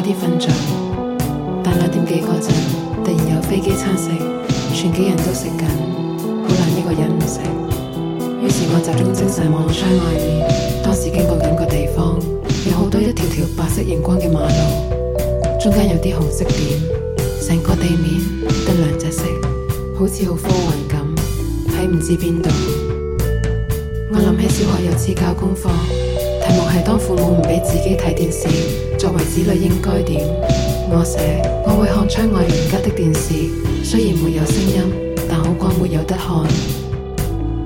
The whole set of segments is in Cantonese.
啲瞓着，但兩點幾個字，突然有飛機餐食，全機人都食緊，好難一個人唔食。於是我就，我集中精神望窗外面。當時經過嗰個地方，有好多一條條白色熒光嘅馬路，中間有啲紅色點，成個地面得兩隻色，好似好科幻咁，睇唔知邊度。我諗起小學有次教功課，題目係當父母唔畀自己睇電視。作為子女應該點？我寫，我會看窗外人家的電視，雖然沒有聲音，但好過沒有得看。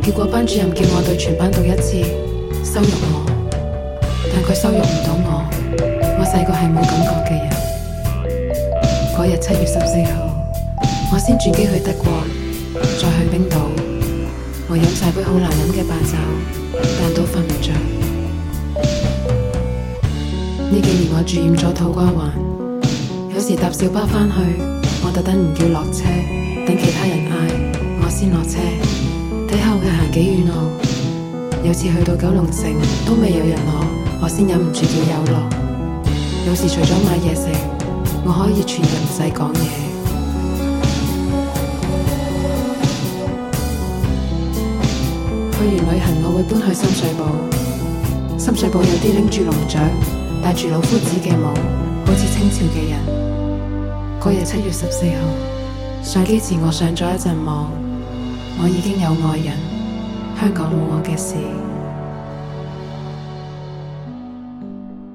結果班主任叫我對全班讀一次，羞辱我，但佢羞辱唔到我，我細個係冇感覺嘅人。嗰日七月十四號，我先轉機去德國，再去冰島，我飲晒杯好難飲嘅白酒，但都瞓唔着。呢幾年我住染咗土瓜灣，有時搭小巴返去，我特登唔叫落車，等其他人嗌我先落車，睇吓佢行幾遠路。有次去到九龍城都未有人攞，我先忍唔住叫有落。有時除咗買嘢食，我可以全程唔使講嘢。去完旅行，我會搬去深水埗，深水埗有啲拎住龍脷。戴住老夫子嘅帽，好似清朝嘅人。嗰日七月十四號，上機前我上咗一陣網，我已經有愛人，香港冇我嘅事。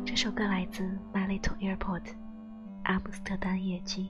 這首歌來自《My Little Airport》，阿姆斯特丹夜機